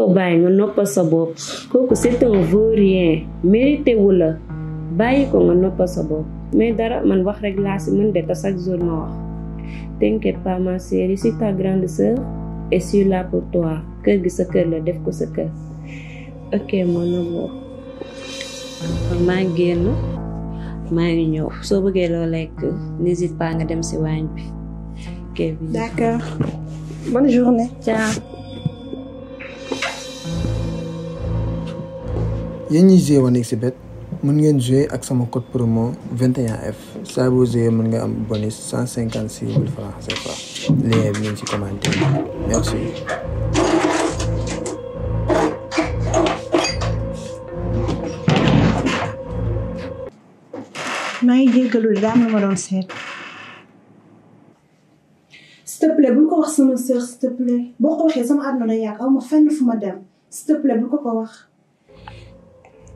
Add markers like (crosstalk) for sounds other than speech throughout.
ko bàyyi nga pas sa bopp c'est un rien mérité wu la ko nga pas mais dara man wax rek si mën de t'inquiète pas ma ta grande sœur Et suis là pour toi kër sa la def ko ok mon amour ngi n'hésite pas nga dem d'accord bonne journée. ciao. yéen ñiy jouer 1xBet mën ngeen jouer ak sama code promo 21F saa boo jouer mën nga am bonus 156 000 francs CFA lien bi ñu ci commentaire merci. maa ngi jéggalu daam la ma doon seet. s'il bul ko wax sama sœur s'il te bul ko wax.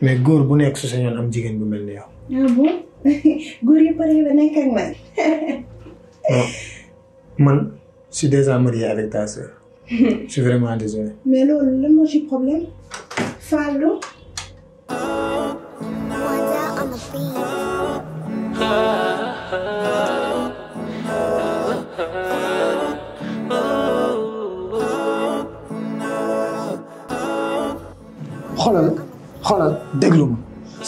mais góor bu nekk su sañoon am jigéen bu mel ni yow. ah bon (laughs) góor yi pare ba nekk ak man. (laughs) man je suis déjà marié avec ta soeur. je suis vraiment désolé. (laughs) mais loolu lan moo ci problème. Fallo. xoolal.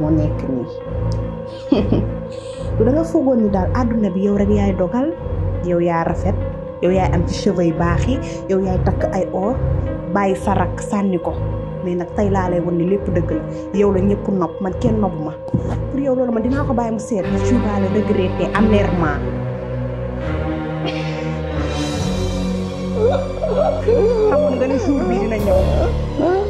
moo nekk nii (laughs) da nga foogoon ni daal àdduna bi yow rek yaay dogal yow yaa rafet yow yaay am ci cheveux yu baax yi yow yaay takk ay or bàyyi sa rakk sànni ko mais nag tey laa lay won ni lépp dëgg la yow la ñëpp nopp man kenn nopp ma pour yow loolu man dinaa ko bàyyi mu seet tu vas le regretter amèrement (laughs) xamoon nga ni jour bi dina ñëw